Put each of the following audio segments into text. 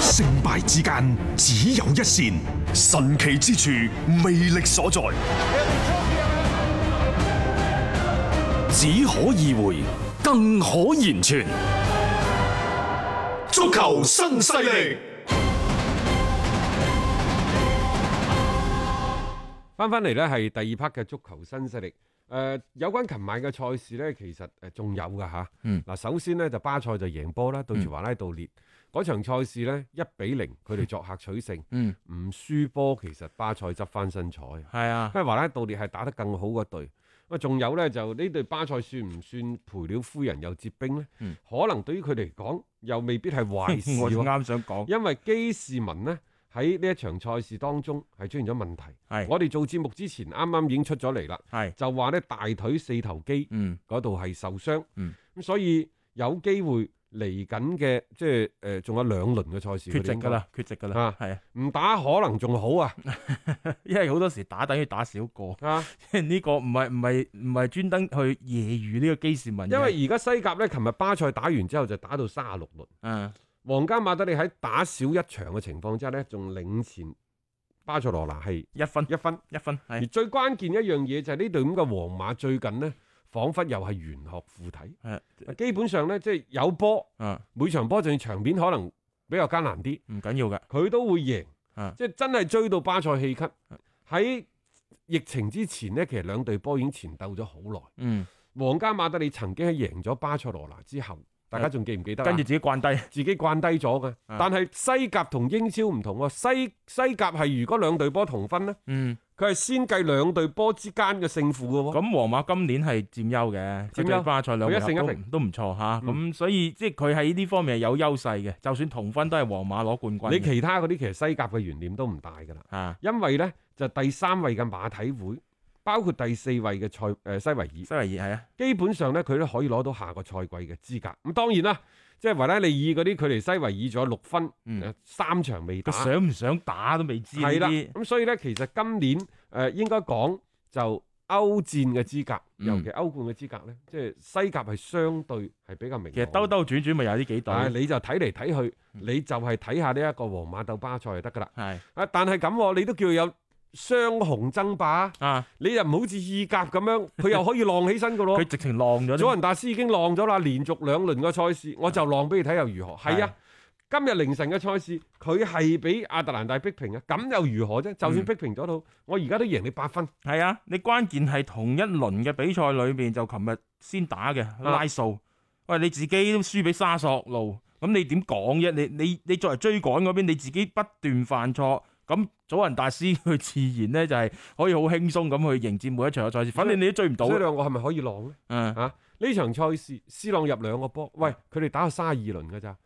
成敗之間只有一線，神奇之處魅力所在，只可意會，更可言傳。足球新勢力，翻翻嚟呢，係第二 part 嘅足球新勢力。誒、呃，有關琴晚嘅賽事呢，其實誒仲、呃、有噶吓。嗱，嗯、首先呢，就巴塞就贏波啦，對住華拉杜列嗰場賽事呢，一比零，佢哋作客取勝，唔輸波。其實巴塞執翻身彩。係啊，因為華拉杜列係打得更好嗰隊。咁仲有呢，就呢隊巴塞算唔算賠了夫人又折兵呢？嗯、可能對於佢哋嚟講，又未必係壞事，啊。啱 想講，因為基士文呢。喺呢一場賽事當中係出現咗問題，係是我哋做節目之前啱啱已經出咗嚟啦，係是就話咧，大腿四頭肌嗯嗰度係受傷，嗯咁所以有機會嚟緊嘅即係誒仲有兩輪嘅賽事缺席㗎啦，該缺席㗎啦，嚇，係啊唔打可能仲好啊， 因為好多時打等於打少個啊。呢個唔係唔係唔係專登去揶揄呢個基斯文，因為而家西甲咧，琴日巴塞打完之後就打到三十六輪，嗯。皇家馬德里喺打少一場嘅情況之下咧，仲領先巴塞羅那係一分、一分、一分。而最關鍵一樣嘢就係呢隊咁嘅皇馬最近呢，仿佛又係玄學附體。係，基本上呢，即係有波，係，每場波就要場面可能比較艱難啲，唔緊要嘅，佢都會贏。即係係，真係追到巴塞氣咳。喺疫情之前呢，其實兩隊波已經纏鬥咗好耐。嗯，皇家馬德里曾經喺贏咗巴塞羅那之後。大家仲記唔記得？跟住自己慣低，自己慣低咗嘅。 但係西甲同英超唔同喎，西西甲係如果兩隊波同分咧，佢係、嗯、先計兩隊波之間嘅勝負㗎喎。咁皇、嗯、馬今年係佔優嘅，佔優巴塞兩位一勝一平都唔錯嚇。咁、啊、所以即係佢喺呢方面係有優勢嘅。就算同分都係皇馬攞冠軍。嗯、你其他嗰啲其實西甲嘅懸念都唔大㗎啦。嚇、嗯，因為咧就第三位嘅馬體會。包括第四位嘅賽誒西維爾，西維爾係啊，基本上咧佢都可以攞到下個賽季嘅資格。咁當然啦，即係維拉利爾嗰啲，佢離西維爾仲有六分，嗯、三場未打，想唔想打都未知。係啦、嗯，咁、啊、所以咧，其實今年誒、呃、應該講就歐戰嘅資格，尤其歐冠嘅資格咧，嗯、即係西甲係相對係比較明。其實兜兜轉轉咪有呢幾隊，嗯、你就睇嚟，睇去，你就係睇下呢一個皇馬鬥巴塞就得噶啦。係、嗯、啊，但係咁你都叫有，雙雄爭霸，啊、你又唔好似意甲咁樣，佢又可以浪起身嘅咯。佢 直情浪咗，祖雲大師已經浪咗啦，連續兩輪嘅賽事，我就浪俾你睇又如何？係啊的，今日凌晨嘅賽事，佢係俾亞特蘭大逼平啊，咁又如何啫？就算逼平咗都，嗯、我而家都贏你八分。係啊，你關鍵係同一輪嘅比賽裏面，就琴日先打嘅的拉素。喂，你自己都輸俾沙索路，咁你點講啫？你你你，你作為追趕嗰邊，你自己不斷犯錯。咁祖雲達斯佢自然咧就係可以好輕鬆咁去迎戰每一場嘅賽事，反正你都追唔到。呢兩個，我係咪可以攞咧？嗯的，呢、啊、場賽事，斯朗入兩個波。喂，佢哋打咗卅二輪嘅咋？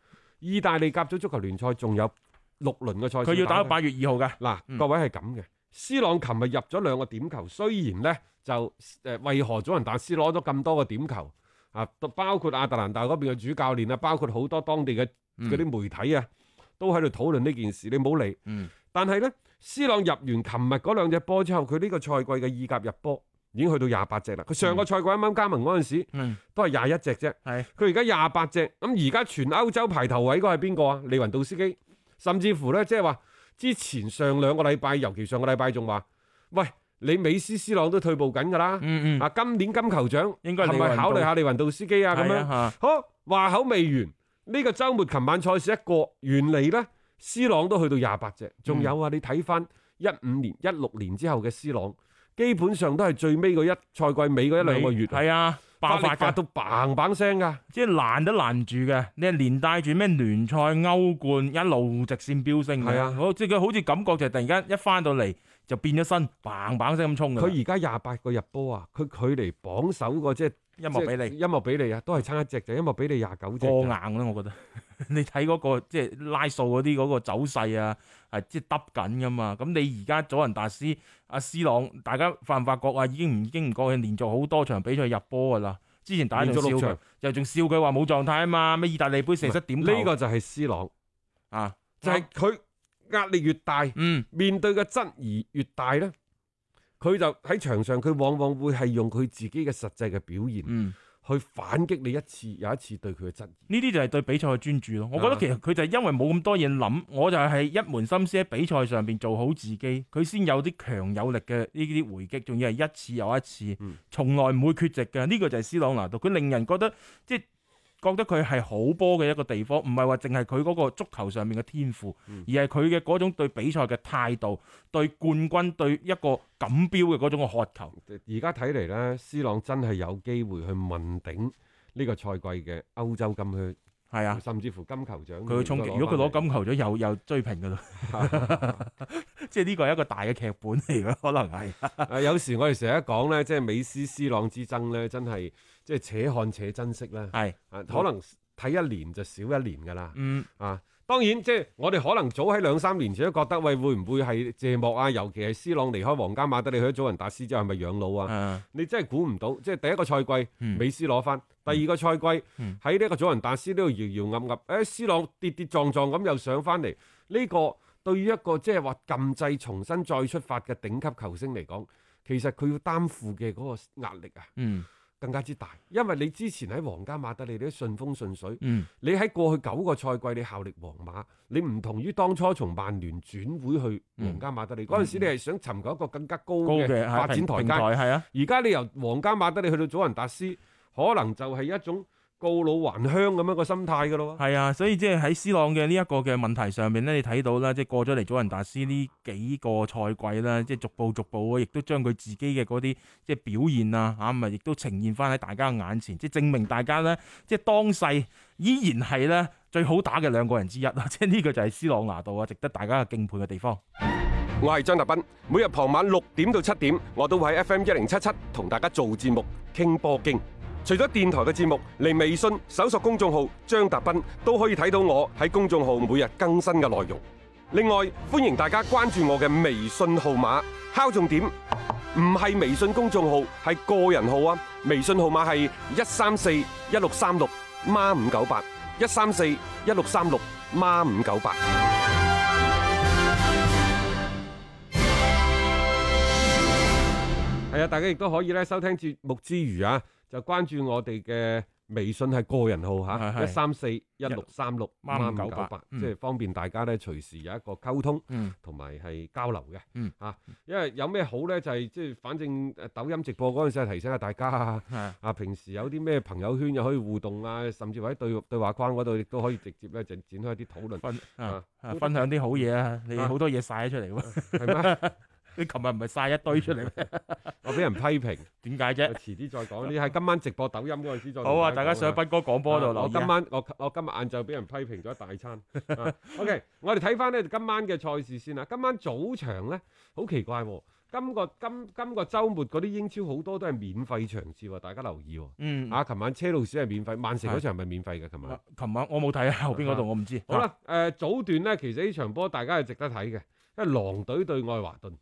意大利甲組足球聯賽仲有六輪嘅賽事。佢要打到八月二號嘅。嗱了，嗯、各位係咁嘅。斯朗琴日入咗兩個點球，雖然咧就誒，為何祖雲達斯攞咗咁多個點球啊？包括亞特蘭大嗰邊嘅主教練啊，包括好多當地嘅嗰啲媒體啊，嗯、都喺度討論呢件事。你唔好理。嗯。但係咧，斯朗入完琴日嗰兩隻波之後，佢呢個賽季嘅意甲入波已經去到廿八隻啦。佢上個賽季啱啱加盟嗰陣時，嗯、都係廿一隻啫。佢而家廿八隻。咁而家全歐洲排頭位嗰係邊個啊？利雲道斯基。甚至乎咧，即係話之前上兩個禮拜，尤其上個禮拜仲話，喂，你美斯，斯、斯朗都退步緊噶啦。啊、嗯嗯，今年金球獎應該係咪考慮下利雲道斯基啊？咁樣好，話口未完，呢、這個周末琴晚賽事一過，原嚟啦。C 朗都去到廿八隻，仲有啊！你睇翻一五年、一六年之後嘅 C 朗，基本上都係最尾嗰一賽季尾嗰一兩美個月，係啊，爆發發發到嘭嘭聲噶，即係攔都攔住嘅。你係連帶住咩聯賽、歐冠一路直線飆升嘅，係、啊、即係佢好似感覺就係突然間一翻到嚟就變咗身嘭嘭聲咁衝。佢而家廿八個入波啊！佢距離榜首個即係。因莫比利，因莫比利啊，都係差一隻啫。因莫比利廿九隻，好硬啦。我覺得呵呵你睇嗰、嗰個即係拉素嗰啲嗰個走勢啊，係即係耷緊噶嘛。咁你而家祖雲達斯阿、啊、C 朗，大家有有發唔發覺啊？已經唔已經唔過去連續好多場比賽入波噶啦。之前打完六場又仲笑佢話冇狀態啊嘛。咩意大利杯射失點呢個就係 C 朗啊，就係佢壓力越大，嗯，面對嘅質疑越大咧。佢就喺場上，佢往往會係用佢自己嘅實際嘅表現去反擊你一次，又、嗯、一次對佢嘅質疑。呢啲就係對比賽嘅專注咯。我覺得其實佢就係因為冇咁多嘢諗，啊、我就係一門心思喺比賽上邊做好自己，佢先有啲強有力嘅呢啲回擊，仲要係一次又一次，從來唔會缺席嘅。呢、呢個就係斯朗拿度，佢令人覺得即覺得佢係好波嘅一個地方，唔係話淨係佢嗰個足球上面嘅天賦，而係佢嘅嗰種對比賽嘅態度、對冠軍、對一個錦標嘅嗰種渴求。而家睇嚟咧，C 朗真係有機會去問鼎呢個賽季嘅歐洲金靴。係啊，甚至乎金球獎，佢會衝擊。如果佢攞金球獎，又又追平㗎啦， 即係呢個係一個大嘅劇本嚟嘅，可能係。啊， 有時我哋成日講咧，即係美斯斯朗之爭咧，真係即係且看且珍惜啦。係可能睇一年就少一年㗎啦。嗯。啊。當然，即係我哋可能早喺兩三年前都覺得喂，會唔會係謝幕啊？尤其係 C 朗離開皇家馬德里去咗祖雲達斯之後，係咪養老啊？啊你真係估唔到，即係第一個賽季，嗯、美斯攞翻，第二個賽季喺呢個祖雲達斯呢度搖搖噏噏，誒，C 朗跌跌撞撞咁又上翻嚟。呢、這個對於一個即係話禁制重新再出發嘅頂級球星嚟講，其實佢要擔負嘅嗰個壓力啊。嗯更加之大，因為你之前喺皇家馬德里，你都順風順水，嗯、你喺過去九個賽季，你效力皇馬，你唔同於當初從曼聯轉會去皇家馬德里嗰陣時，你係想尋求一個更加高嘅發展台階，而家、啊、你由皇家馬德里去到祖雲達斯，可能就係一種。告老還鄉咁樣個心態噶咯，係啊，所以即係喺 C 朗嘅呢一個嘅問題上面咧，你睇到啦，即係過咗嚟祖雲達斯呢幾個賽季啦，即係逐步逐步啊，亦都將佢自己嘅嗰啲即係表現啊，吓咁啊，亦都呈現翻喺大家眼前，即係證明大家咧，即係當世依然係咧最好打嘅兩個人之一啊！即係呢個就係 C 朗拿度啊，值得大家嘅敬佩嘅地方。我係張達斌，每日傍晚六點到七點，我都會喺 FM 一零七七同大家做節目，傾波經。除咗電台嘅節目，嚟微信搜索公眾號張達斌都可以睇到我喺公眾號每日更新嘅內容。另外，歡迎大家關注我嘅微信號碼，敲重點，唔係微信公眾號，係個人號啊！微信號碼係一三四一六三六孖五九八一三四一六三六孖五九八。係啊，大家亦都可以咧收聽節目之餘啊！就關注我哋嘅微信係個人號嚇，一三四一六三六二五九八，4, 36, 是是 98, 即係方便大家咧隨時有一個溝通，同埋係交流嘅嚇、啊。因為有咩好咧，就係、是、即係反正抖音直播嗰陣時，提醒下大家啊。啊，平時有啲咩朋友圈又可以互動啊，甚至喺對對話框嗰度亦都可以直接咧展展開啲討論、啊啊啊、分享啲好嘢啊，你好多嘢晒咗出嚟喎。係咪？你琴日唔係晒一堆出嚟咩？我俾人批評，點解啫？遲啲再講，你喺今晚直播抖音嗰陣時再講。好啊，大家上喺斌哥廣播度留意。我今晚我我今日晏晝俾人批評咗一大餐。OK，我哋睇翻呢今晚嘅賽事先啦。今晚早場咧好奇怪喎，今個今今個週末嗰啲英超好多都係免費場次喎，大家留意喎。啊，琴晚車路士係免費，曼城嗰場係咪免費嘅？琴晚。琴晚我冇睇啊，後邊嗰度我唔知。好啦，誒早段咧，其實呢場波大家係值得睇嘅，因為狼隊對愛華頓。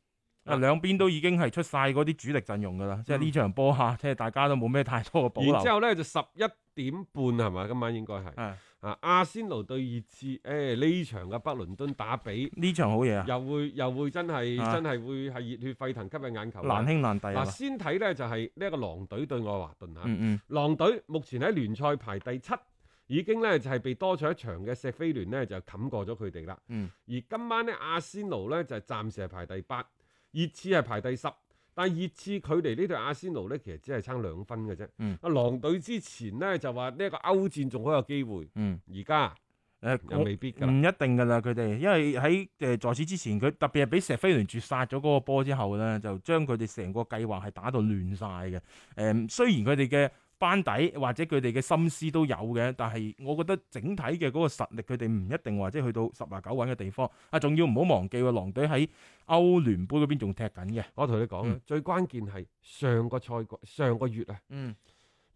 啊兩邊都已經係出晒嗰啲主力陣容噶啦、嗯啊，即係呢場波吓，即係大家都冇咩太多嘅。然之後咧就十一點半係嘛？今晚應該係。係是啊，阿仙奴對熱刺，誒、哎、呢場嘅北倫敦打比呢場好嘢啊又！又會又、啊、會真係真係會係熱血沸騰，吸引眼球。難兄難弟嗱、啊，先睇咧就係呢一個狼隊對愛華頓吓。啊、嗯嗯。狼隊目前喺聯賽排第七，已經咧就係、是、被多咗一場嘅石飛聯呢就冚過咗佢哋啦。嗯。而今晚咧阿仙奴咧就係、暫時係排第八。嗯嗯熱刺係排第十，但係熱刺佢離呢隊阿仙奴咧，其實只係差兩分嘅啫。阿、嗯、狼隊之前咧就話呢個歐戰仲好有機會，嗯，而家誒又未必㗎，唔、呃、一定㗎啦佢哋，因為喺誒在此、呃、之前佢特別係俾錫菲聯絕殺咗嗰個波之後咧，就將佢哋成個計劃係打到亂晒嘅。誒、呃、雖然佢哋嘅班底或者佢哋嘅心思都有嘅，但係我覺得整體嘅嗰個實力佢哋唔一定話即係去到十拿九穩嘅地方啊，仲要唔好忘記啊！狼隊喺歐聯盃嗰邊仲踢緊嘅。我同你講，最關鍵係上個賽季上個月啊，嗯，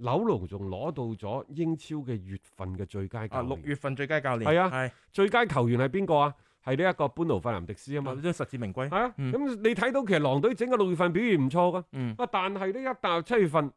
紐奴仲攞到咗英超嘅月份嘅最佳教練啊，六月份最佳教練，係啊，啊啊啊、係最佳球員係邊個啊？係呢一個班奴費南迪斯啊嘛，即實至名歸、啊啊啊啊啊啊啊，係啊，咁你睇到其實狼隊整個六月份表現唔錯噶，啊，嗯、但係呢一踏入七月份。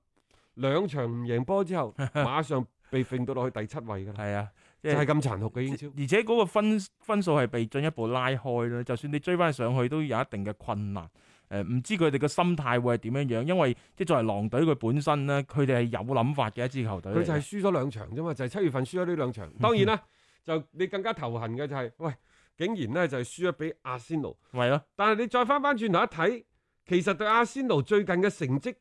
兩場唔贏波之後，馬上被揈到落去第七位㗎啦。係 啊，就係咁殘酷嘅英超。而且嗰個分分數係被進一步拉開啦。就算你追翻上去，都有一定嘅困難。誒、呃，唔知佢哋嘅心態會係點樣樣，因為即係作為狼隊佢本身咧，佢哋係有諗法嘅一支球隊。佢就係輸咗兩場啫嘛，就係、是、七月份輸咗呢兩場。當然啦，就你更加頭痕嘅就係、是，喂，竟然咧就係輸咗畀阿仙奴。係 啊。但係你再翻翻轉頭一睇，其實對阿仙奴最近嘅成績。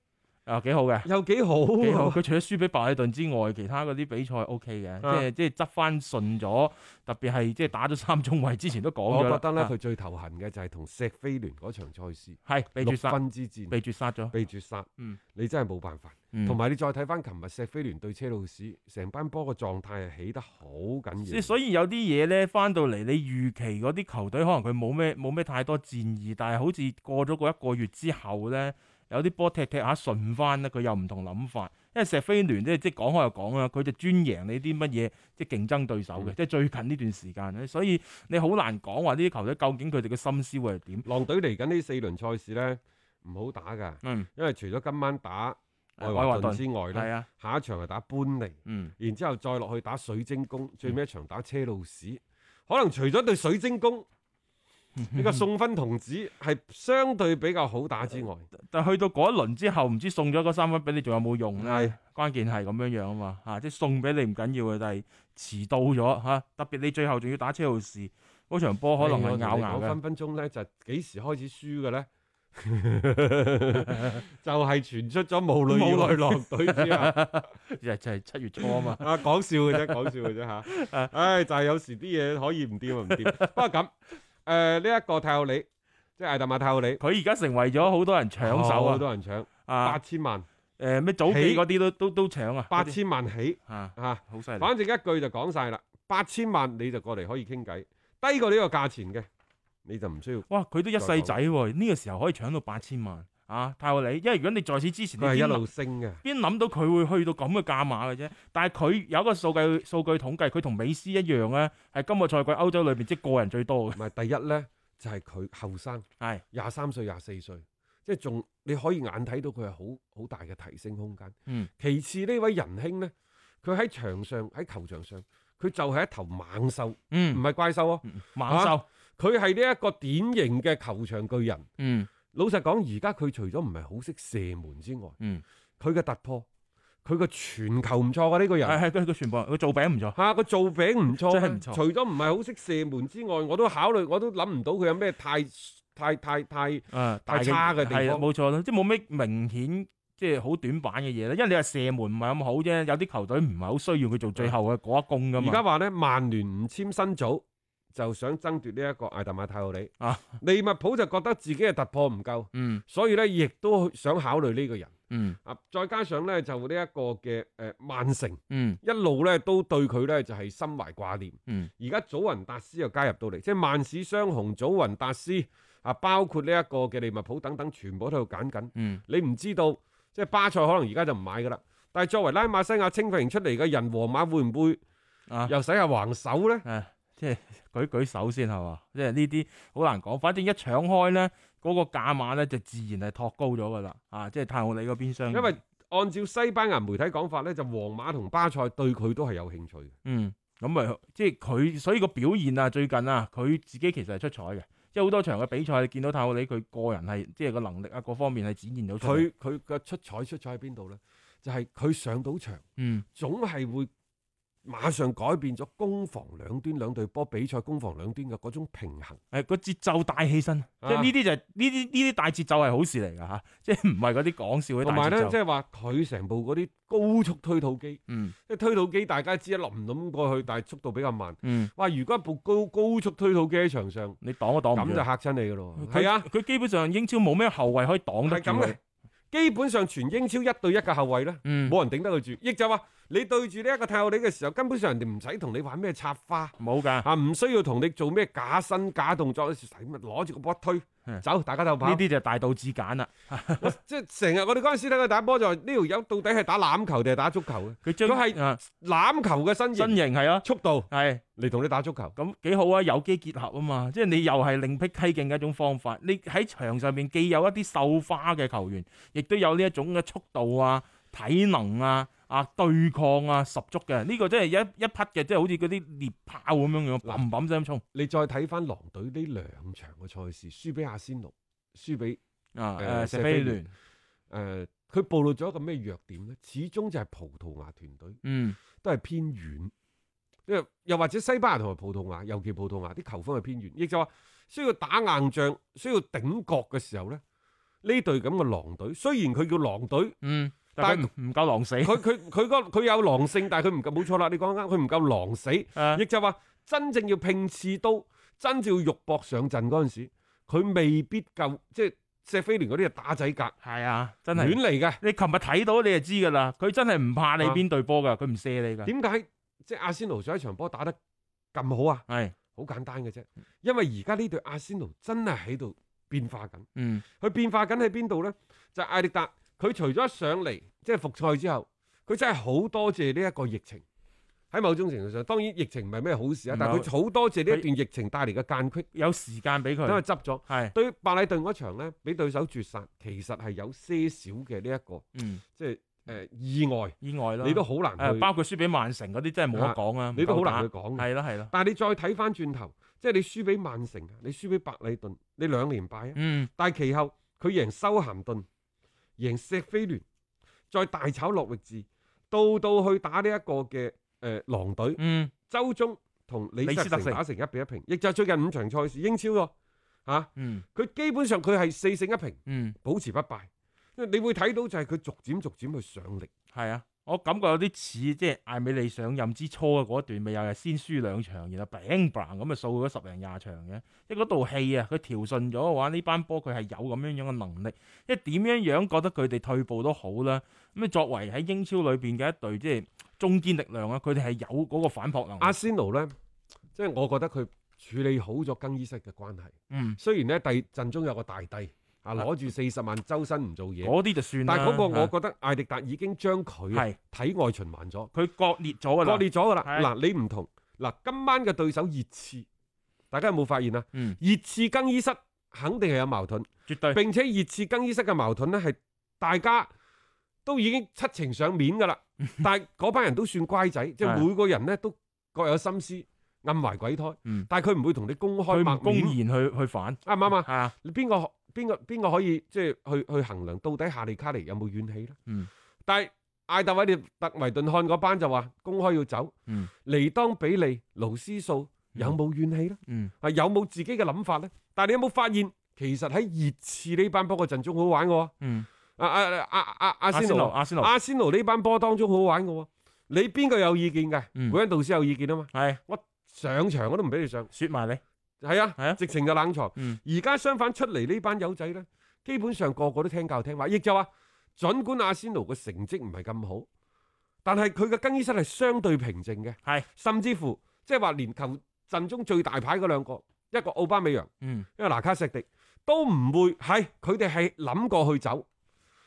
啊，幾好嘅！有幾好，幾好。佢除咗輸俾白禮頓之外，其他嗰啲比賽 O K 嘅，即係即係執翻順咗。特別係即係打咗三中衛之前都講過，我覺得咧佢最頭痕嘅就係同石飛聯嗰場賽事，係六分之戰被絕殺咗，被絕殺。嗯，你真係冇辦法。嗯，同埋你再睇翻琴日石飛聯對車路士，成班波個狀態係起得好緊要。所以有啲嘢咧，翻到嚟你預期嗰啲球隊，可能佢冇咩冇咩太多戰意，但係好似過咗個一個月之後咧。有啲波踢踢下順翻啦，佢又唔同諗法，因為石飛聯咧即係講開又講啦，佢就專贏你啲乜嘢即係競爭對手嘅，嗯、即係最近呢段時間咧，所以你好難講話呢啲球隊究竟佢哋嘅心思會係點。狼隊嚟緊呢四輪賽事咧唔好打㗎，嗯，因為除咗今晚打愛華頓之外咧，下一場係打搬寧，嗯，然之後再落去打水晶宮，嗯、最尾一場打車路士，可能除咗對水晶宮。呢個送分童子係相對比較好打之外，但去到嗰一輪之後，唔知送咗嗰三分俾你有有，仲有冇用？係關鍵係咁樣樣啊嘛嚇，即係送俾你唔緊要嘅，但係遲到咗嚇、啊，特別你最後仲要打車路士嗰場波，可能係咬咬分分鐘咧就幾、是、時開始輸嘅咧？ 就係傳出咗無雷狼隊之後，就係七月初啊嘛。 啊講笑嘅啫，講笑嘅啫嚇。唉、啊，就係、是、有時啲嘢可以唔掂啊，唔掂。不過咁。 誒，呢一、呃呢個泰奧里，即係艾特瑪泰奧里，佢而家成為咗好多人搶手啊，好、哦、多人搶八千、啊、萬，誒咩起、呃、早幾嗰啲都起都都搶啊，八千萬起，吓吓、啊，好犀、啊、反正一句就講晒啦，八千萬你就過嚟可以傾偈，低過呢個價錢嘅你就唔需要，哇，佢都一世仔喎，呢、呢個時候可以搶到八千萬。啊！睇我你，因為如果你在此之前，一路升邊邊諗到佢會去到咁嘅價碼嘅啫？但係佢有一個數據數據統計，佢同美斯一樣咧，係今個賽季歐洲裏邊即個人最多嘅。唔係第一咧，就係佢後生，係廿三歲、廿四歲，即係仲你可以眼睇到佢係好好大嘅提升空間。嗯，其次呢位仁兄咧，佢喺場上喺球場上，佢就係一頭猛獸，嗯，唔係怪獸啊、哦，猛獸，佢係呢一個典型嘅球場巨人，嗯。老實講，而家佢除咗唔係好識射門之外，嗯，佢嘅突破，佢嘅全球唔錯噶、啊、呢個人，係係佢佢全部，佢做餅唔錯，吓、啊，個做餅唔錯，真係唔錯。除咗唔係好識射門之外，我都考慮，我都諗唔到佢有咩太太太太、呃、太差嘅地方，冇錯啦，即係冇咩明顯即係好短板嘅嘢啦。因為你係射門唔係咁好啫，有啲球隊唔係好需要佢做最後嘅嗰一攻噶嘛。而家話咧，曼聯唔簽新組，就想爭奪呢一個艾特馬泰奧里，啊，利物浦就覺得自己嘅突破唔夠，嗯，所以咧亦都想考慮呢個人，嗯，啊，再加上咧就呢一個嘅誒曼城，嗯，一路咧都對佢咧就係心懷掛念，嗯，而家祖雲達斯又加入到嚟，即係曼市雙雄，祖雲達斯啊，包括呢一個嘅利物浦等等，全部喺度揀緊，嗯，你唔知道，即係巴塞可能而家就唔買噶啦，但係作為拉馬西亞青訓出嚟嘅人，皇馬會唔會又使下橫手咧？即係舉舉手先係嘛，即係呢啲好難講，反正一搶開咧，嗰個價碼咧就自然係托高咗噶啦，啊，即係泰奧里嗰邊商，因為按照西班牙媒體講法咧，就皇馬同巴塞對佢都係有興趣嘅。嗯，咁啊，即係佢，所以個表現啊，最近啊，佢自己其實係出彩嘅，即係好多場嘅比賽你見到泰奧里，佢個人係即係個能力啊，各方面係展現到。佢佢嘅出彩出彩喺邊度咧？就係佢上到場，嗯，總係會。馬上改變咗攻防兩端兩隊波比賽攻防兩端嘅嗰種平衡，誒個、哎、節奏大起身，啊、即係呢啲就係呢啲呢啲大節奏係好事嚟㗎嚇，即係唔係嗰啲講笑嘅。同埋咧，即係話佢成部嗰啲高速推土機，即、嗯、推土機大家知啦，淋淋過去，但係速度比較慢，哇、嗯！如果一部高高速推土機喺場上，你擋一擋唔，咁就嚇親你㗎咯。係他啊，佢基本上英超冇咩後衞可以擋得住，係咁嘅，基本上全英超一對一嘅後衞咧，冇人頂得佢住，亦、嗯、就話。你對住呢一個太奧尼嘅時候，根本上人哋唔使同你玩咩插花，冇㗎嚇，唔需要同你做咩假身假動作，使乜攞住個波推的走，大家鬥跑。呢啲就大道至簡啦。即係成日我哋嗰陣時睇佢打波就係呢條友到底係打籃球定係打足球嘅。佢係籃球嘅身形身型，係啊，速度係嚟同你打足球，咁幾好啊！有機結合啊嘛，即係你又係另闢蹊徑嘅一種方法。你喺場上面既有一啲繡花嘅球員，亦都有呢一種嘅速度啊、體能啊。啊，對抗啊，十足嘅呢、這個真係一一匹嘅，即、就、係、是、好似嗰啲獵豹咁樣樣，砰砰聲衝。你再睇翻狼隊呢兩場嘅賽事，輸俾阿仙奴，輸俾誒。誒、呃，謝菲聯佢暴露咗一個咩弱點咧？始終就係葡萄牙團隊，嗯，都係偏遠。因為又或者西班牙同埋葡萄牙，尤其葡萄牙啲球風係偏遠，亦就話需要打硬仗，需要頂角嘅時候咧，呢隊咁嘅狼隊，雖然佢叫狼隊，狼隊嗯。但係唔夠狼死，佢佢佢個佢有狼性，但係佢唔夠冇錯啦，你講緊，佢唔夠狼死，亦、啊、就話真正要拼刺刀，真正要肉搏上陣嗰陣時，佢未必夠，即係石飛廉嗰啲係打仔格，係啊，真係亂嚟嘅。你琴日睇到你就知㗎啦，佢真係唔怕你邊隊波㗎，佢唔、啊、射你㗎。點解即係阿仙奴上一場波打得咁好啊？係好是簡單嘅啫，因為而家呢隊阿仙奴真係喺度變化緊。嗯，佢變化緊喺邊度咧？就係、艾力達。佢除咗上嚟即係復賽之後，佢真係好多謝呢一個疫情喺某種程度上。當然疫情唔係咩好事啊，但係佢好多謝呢一段疫情帶嚟嘅間隙，有時間俾佢。因為執咗，係對白禮頓嗰場咧，俾對手絕殺，其實係有些少嘅呢一個，嗯，即係誒意外，意外咯。你都好難誒，包括輸俾曼城嗰啲，真係冇得講啊！你都好難去講嘅，係咯係咯。但係你再睇翻轉頭，即係你輸俾曼城，你輸俾白禮頓，你兩連敗啊！嗯，但係其後佢贏修咸頓。贏錫菲聯，再大炒諾域治，到到去打呢一個嘅誒狼隊，嗯，周中同李斯特城打成一比一平，亦就係最近五場賽事英超咯，吓、啊，嗯，佢基本上佢係四勝一平，嗯，保持不敗，因為你會睇到就係佢逐漸逐漸去上力，係啊。我感覺有啲似即係艾美利上任之初嘅嗰一段，咪又係先輸兩場，然後砰砰咁咪掃咗十零廿場嘅。即係嗰度氣啊，佢調順咗嘅話，呢班波佢係有咁樣樣嘅能力。即係點樣樣覺得佢哋退步都好啦。咁啊，作為喺英超裏邊嘅一隊，即係中堅力量啊，佢哋係有嗰個反撲能力。阿仙奴咧，即係我覺得佢處理好咗更衣室嘅關係。嗯，雖然咧第陣中有個大帝。啊！攞住四十萬周身唔做嘢，嗰啲就算。但係嗰個我覺得艾迪達已經將佢體外循環咗，佢割裂咗，割裂咗噶啦。嗱，你唔同嗱，今晚嘅對手熱刺，大家有冇發現啊？嗯，熱刺更衣室肯定係有矛盾，絕對，並且熱刺更衣室嘅矛盾咧係大家都已經七情上面噶啦。但係嗰班人都算乖仔，即係每個人咧都各有心思，暗懷鬼胎。但係佢唔會同你公開公然去去反啊，唔啱啊！你邊個？邊個邊個可以即係去去衡量到底夏利卡尼有冇怨氣咧？嗯，但係艾特韋特維頓漢嗰班就話公開要走，嗯，尼當比利盧斯素有冇怨氣咧？嗯，有冇自己嘅諗法咧？但係你有冇發現，其實喺熱刺呢班波嘅陣中好玩嘅？嗯，阿阿阿阿阿仙奴阿仙奴呢班波當中好玩嘅，你邊個有意見嘅？嗯，韋恩杜斯有意見啊嘛？係的，我上場我都唔俾你上，說埋你。係啊係啊，直情就冷藏。而家、嗯、相反出嚟呢班友仔咧，基本上個個都聽教聽話，亦就話，盡管阿仙奴嘅成績唔係咁好，但係佢嘅更衣室係相對平靜嘅，係是甚至乎即係話連球陣中最大牌嗰兩個，一個奧巴美揚，嗯，一個拿卡石迪，都唔會係佢哋係諗過去走，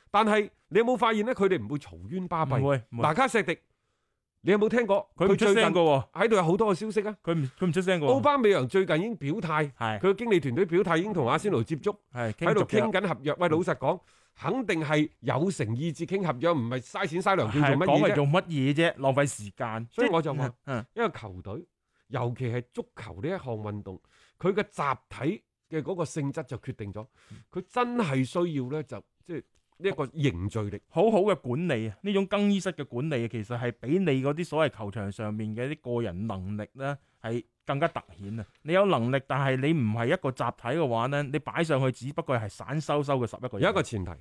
但係你有冇發現咧？佢哋唔會嘈冤巴閉，拿卡石迪。你有冇聽過佢出聲過？喺度有好多嘅消息啊！佢唔佢唔出聲過。奧巴美揚最近已經表態，係佢嘅經理團隊表態，已經同阿仙奴接觸，係喺度傾緊合約。喂的，老實講，的肯定係有誠意至傾合約，唔係嘥錢嘥糧，叫做乜嘢啫？講嚟做乜嘢啫？浪費時間。所以我就話，嗯，一個球隊，尤其係足球呢一項運動，佢嘅集體嘅嗰個性質就決定咗，佢真係需要咧，就即係。就是就是就是 呢一個凝聚力，好好嘅管理啊！呢種更衣室嘅管理其實係比你嗰啲所謂球場上面嘅啲個人能力咧係更加突顯啊！你有能力，但係你唔係一個集體嘅話咧，你擺上去只不過係散修修嘅十一個人。有一個前提。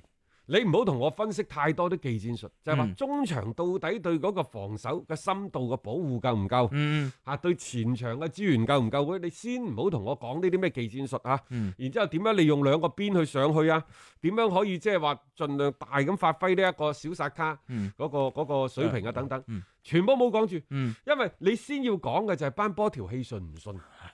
你唔好同我分析太多啲技戰術，就係、是、話中場到底對嗰個防守嘅深度嘅保護夠唔夠？嗯，吓、啊、對前場嘅資源夠唔夠？你先唔好同我講呢啲咩技戰術啊？嗯、然之後點樣利用兩個邊去上去啊？點樣可以即係話盡量大咁發揮呢一個小殺卡、那個？嗰、嗯那個、那個水平啊等等，嗯嗯、全部冇講住。嗯、因為你先要講嘅就係班波條氣順唔順？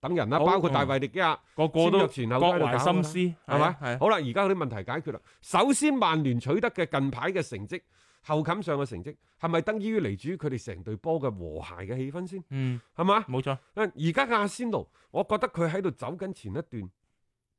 等人啦，好包括大衛迪加，個個、嗯、都前後各懷心思，係咪吧？係、啊。啊、好啦，而家嗰啲問題解決啦。首先，曼聯取得嘅近排嘅成績，後冚上嘅成績，係咪等於嚟自佢哋成隊波嘅和諧嘅氣氛先？嗯，係嘛吧？冇錯錯。而家阿仙奴，我覺得佢喺度走緊前一段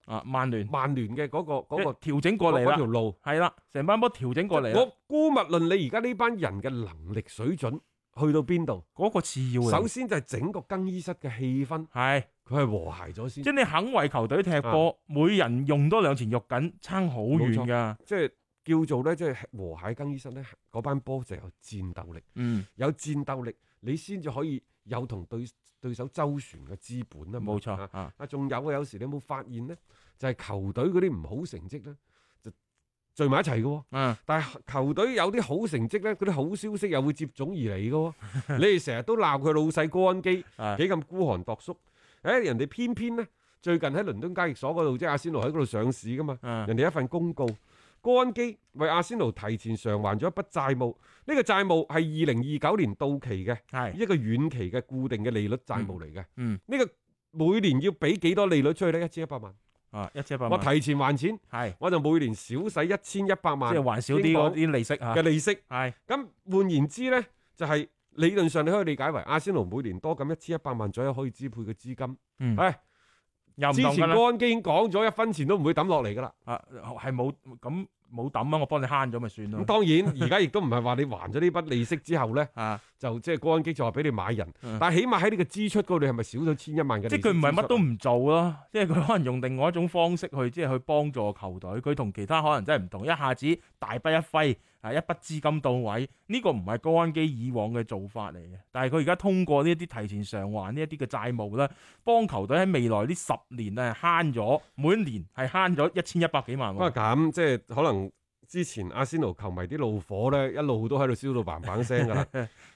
啊，曼聯曼聯嘅嗰個嗰、那個調、那個、整過嚟啦，條路係啦，成班波調整過嚟。我姑勿論你而家呢班人嘅能力水準。去到邊度？嗰個次要嘅。首先就係整個更衣室嘅氣氛，係佢係和諧咗先。即係你肯為球隊踢波，啊、每人用多兩錢肉緊，撐好遠㗎。即係、就是、叫做咧，即、就、係、是、和諧更衣室咧，嗰班波就有戰鬥力。嗯，有戰鬥力，你先至可以有同對對手周旋嘅資本啊，冇錯啊！仲、啊、有啊，有時你有冇發現咧？就係、是、球隊嗰啲唔好成績咧。聚埋一齊嘅喎，但係球隊有啲好成績呢，嗰啲好消息又會接踵而嚟嘅喎。你哋成日都鬧佢老細高安基幾咁孤寒鐸縮，誒人哋偏偏呢，最近喺倫敦交易所嗰度，即係阿仙奴喺嗰度上市㗎嘛，人哋一份公告，高安基為阿仙奴提前償還咗一筆債務，呢、呢個債務係二零二九年到期嘅，係是一個遠期嘅固定嘅利率債務嚟嘅。呢、嗯嗯、個每年要俾幾多利率出去呢？一千一百萬。啊，一千一百萬，我提前還錢，係是，我就每年少使一千一百萬，即係還少啲啲利息嘅利息，係。咁換言之咧，就係、是、理論上你可以理解為阿仙奴每年多咁一千一百萬左右可以支配嘅資金，嗯，哎、之前安基已經講咗一分錢都唔會抌落嚟㗎啦，啊，係冇咁。冇抌啊！我幫你慳咗咪算咯。咁當然而家亦都唔係話你還咗呢筆利息之後咧， 就即係公安機就話俾你買人。 但係起碼喺呢個支出嗰度你係咪少咗千一萬嘅？即係佢唔係乜都唔做咯，即係佢可能用另外一種方式去即係、就是、去幫助球隊。佢同其他可能真係唔同，一下子大筆一揮。一筆資金到位，呢個唔係高安基以往嘅做法嚟嘅，但係佢而家通過呢一啲提前償還呢一啲嘅債務啦，幫球隊喺未來呢十年咧，慳咗，每一年係慳咗一千一百幾萬。不過咁即係可能之前阿仙奴球迷啲怒火咧，一路都喺度燒到嘭嘭聲噶啦。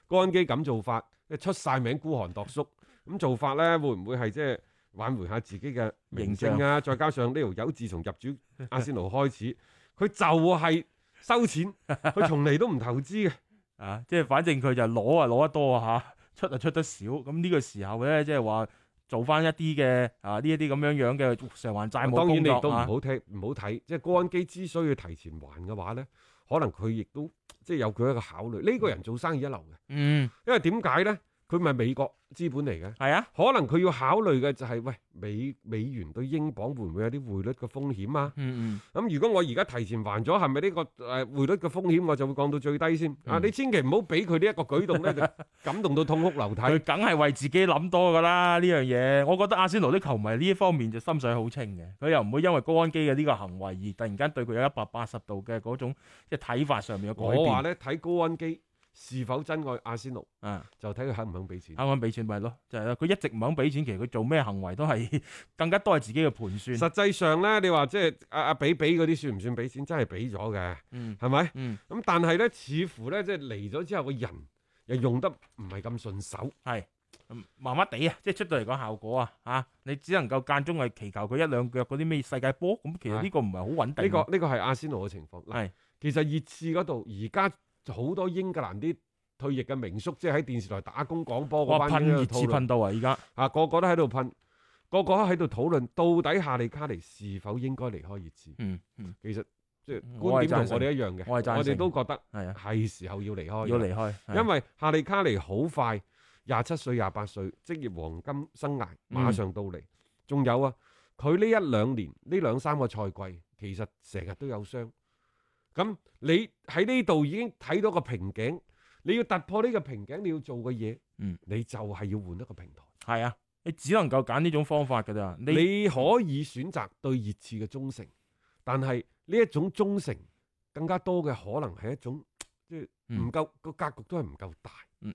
高安基咁做法，出晒名孤寒度叔咁做法咧，會唔會係即係挽回下自己嘅名聲啊？形象。再加上呢條友自從入主阿仙奴開始，佢就係、是。收錢，佢從嚟都唔投資嘅， 啊，即係反正佢就攞啊，攞得多啊，嚇，出就出得少。咁呢個時候咧，即係話做翻一啲嘅啊，呢一啲咁樣樣嘅償還債務工作啊。當然你都唔好聽，唔好睇，即係高安基之所以要提前還嘅話咧，可能佢亦都即係、就是、有佢一個考慮。呢、呢個人做生意一流嘅，嗯，因為點解咧？佢唔係美國資本嚟嘅？係啊，可能佢要考慮嘅就係、是，喂美美元對英鎊會唔會有啲匯率嘅風險啊？嗯嗯。咁如果我而家提前還咗，係咪呢個誒匯率嘅風險我就會降到最低先？啊、嗯，你千祈唔好俾佢呢一個舉動咧，就感動到痛哭流涕。佢梗係為自己諗多噶啦呢樣嘢。我覺得阿仙奴啲球迷呢一方面就心水好清嘅，佢又唔會因為高安基嘅呢個行為而突然間對佢有一百八十度嘅嗰種即係睇法上面嘅改變。我話咧睇高安基。是否真愛阿仙奴？嗯，就睇佢肯唔肯俾錢。肯唔肯俾錢咪咯，就係咯。佢一直唔肯俾錢，其實佢做咩行為都係更加多係自己嘅盤算。實際上咧，你話即係阿阿比比嗰啲算唔算俾錢？真係俾咗嘅，嗯，係咪？咁但係咧，似乎咧即係嚟咗之後，個人又用得唔係咁順手，係，麻麻地啊，即係出到嚟講效果啊，吓，你只能夠間中係祈求佢一兩腳嗰啲咩世界波。咁其實呢個唔係好穩定。呢個呢個係阿仙奴嘅情況。係，其實熱刺嗰度而家。就好多英格蘭啲退役嘅名宿，即係喺電視台打工廣播嗰班哇！噴熱刺噴到啊，而家啊，個個都喺度噴，個個都喺度討論到底夏利卡尼是否應該離開熱刺，嗯？嗯，其實即係觀點同我哋一樣嘅，我哋都覺得係啊，時候要離開、啊、要離開，啊、因為夏利卡尼好快廿七歲廿八歲，職業黃金生涯馬上到嚟，仲、嗯、有啊，佢呢一兩年呢兩三個賽季，其實成日都有傷。咁你喺呢度已經睇到個瓶頸，你要突破呢個瓶頸，你要做嘅嘢，嗯，你就係要換一個平台。係啊，你只能夠揀呢種方法㗎咋。你，你可以選擇對熱刺嘅忠誠，但係呢一種忠誠更加多嘅可能係一種即係唔夠個、嗯、格局都係唔夠大。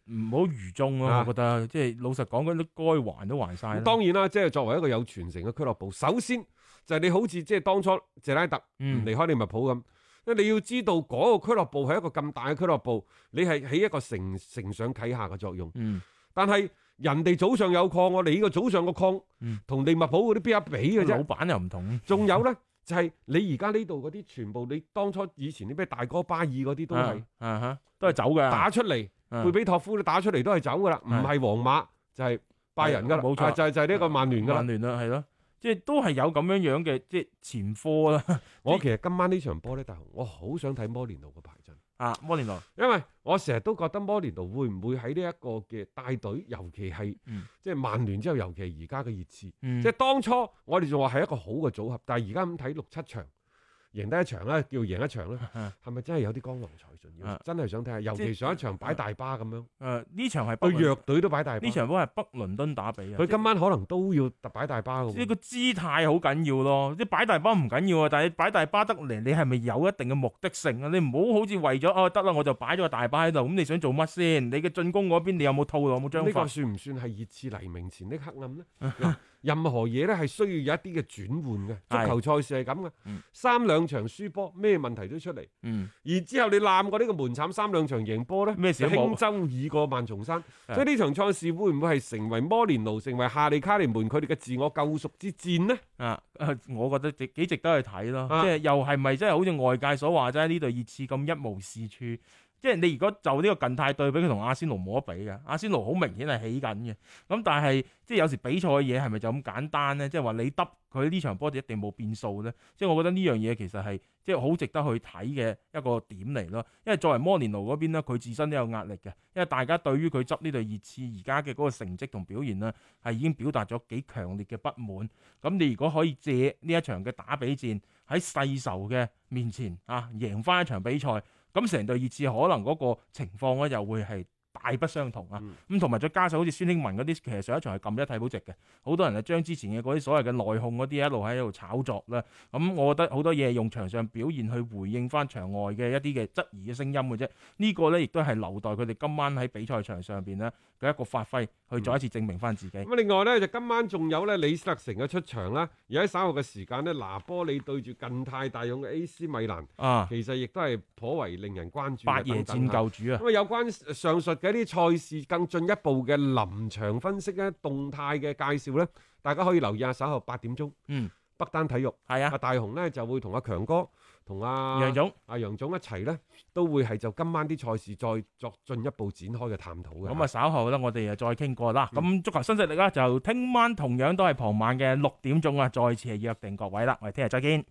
唔好愚忠咯，我覺得即係、啊、老實講，嗰啲該還都還晒。啦、嗯。當然啦，即、就、係、是、作為一個有傳承嘅俱樂部，首先就係、是、你好似即係當初謝拉特唔離開利物浦咁。嗯即係你要知道嗰個俱樂部係一個咁大嘅俱樂部，你係起一個承承上啟下嘅作用。嗯、但係人哋早上有礦，我哋呢個早上個礦同利物浦嗰啲邊一比嘅啫？老闆又唔同。仲有咧，就係、是、你而家呢度嗰啲全部，你當初以前啲咩大哥巴爾嗰啲都係、啊啊，都係走嘅。打出嚟，貝比托夫都打出嚟都係走噶啦，唔係皇馬就係、是、拜仁噶，冇、哎、錯，就係就係呢個曼聯噶。曼、嗯、聯啦，係咯。即係都係有咁樣樣嘅，即係前科啦。我其實今晚呢場波咧，大雄我好想睇摩連奴嘅排陣。啊，摩連奴，因為我成日都覺得摩連奴會唔會喺呢一個嘅帶隊，尤其係即係曼聯之後，尤其係而家嘅熱刺。嗯、即係當初我哋仲話係一個好嘅組合，但係而家咁睇六七場。贏得一場啦，叫贏一場啦，係咪、啊、真係有啲江郎才盡？啊、真係想睇下，尤其上一場擺大巴咁樣。誒呢、啊啊、場係北，弱隊都擺大巴，呢場波係北倫敦打比啊！佢今晚可能都要特擺大巴嘅。即係個姿態好緊要咯，即係擺大巴唔緊要啊，但係擺大巴得嚟，你係咪有一定嘅目的性啊？你唔好好似為咗哦得啦，我就擺咗個大巴喺度，咁你想做乜先？你嘅進攻嗰邊你有冇套路，有冇章法？呢個算唔算係熱刺黎明前的黑暗咧？啊 任何嘢咧係需要有一啲嘅轉換嘅，足球賽事係咁噶，的三兩場輸波咩問題都出嚟，嗯、而之後你冧過呢個門檻，三兩場贏波咧，輕舟已過萬重山。的所以呢場賽事會唔會係成為摩連奴，成為夏利卡尼門佢哋嘅自我救贖之戰呢？啊，我覺得值幾值得去睇咯。即係的又係咪真係好似外界所話齋呢度熱刺咁一無是處？即係你如果就呢個近態對比佢，同阿仙奴冇得比嘅，阿仙奴好明顯係起緊嘅。咁但係即係有時比賽嘅嘢係咪就咁簡單咧？即係話你得佢呢場波就一定冇變數咧？即係我覺得呢樣嘢其實係即係好值得去睇嘅一個點嚟咯。因為作為摩連奴嗰邊咧，佢自身都有壓力嘅。因為大家對於佢執呢隊熱刺而家嘅嗰個成績同表現咧，係已經表達咗幾強烈嘅不滿。咁你如果可以借呢一場嘅打比戰喺世仇嘅面前啊，贏翻一場比賽。咁成隊熱刺可能嗰個情況咧，又會，係大不相同啊！咁同埋再加上好似孫興文嗰啲，其實上一場係撳咗替補席嘅，好多人啊將之前嘅嗰啲所謂嘅內訌嗰啲一路喺度炒作啦。咁、嗯、我覺得好多嘢用場上表現去回應翻場外嘅一啲嘅質疑嘅聲音嘅啫。這個、呢個咧亦都係留待佢哋今晚喺比賽場上邊咧嘅一個發揮去再一次證明翻自己。咁、嗯、另外咧就今晚仲有咧李斯特城嘅出場啦，而喺稍後嘅時間咧拿波利對住近泰大勇嘅 AC 米蘭啊，其實亦都係頗為令人關注八夜戰舊主啊！咁啊，有關上述。一啲賽事更進一步嘅臨場分析咧，動態嘅介紹咧，大家可以留意下。稍後八點鐘，嗯，北單體育係啊，啊大雄咧就會同阿、啊、強哥同阿楊總阿楊、啊、總一齊咧，都會係就今晚啲賽事再作進一步展開嘅探討嘅。咁啊，稍後咧，我哋又再傾過啦。咁足球新勢力啦，就聽晚同樣都係傍晚嘅六點鐘啊，再次係約定各位啦。我哋聽日再見。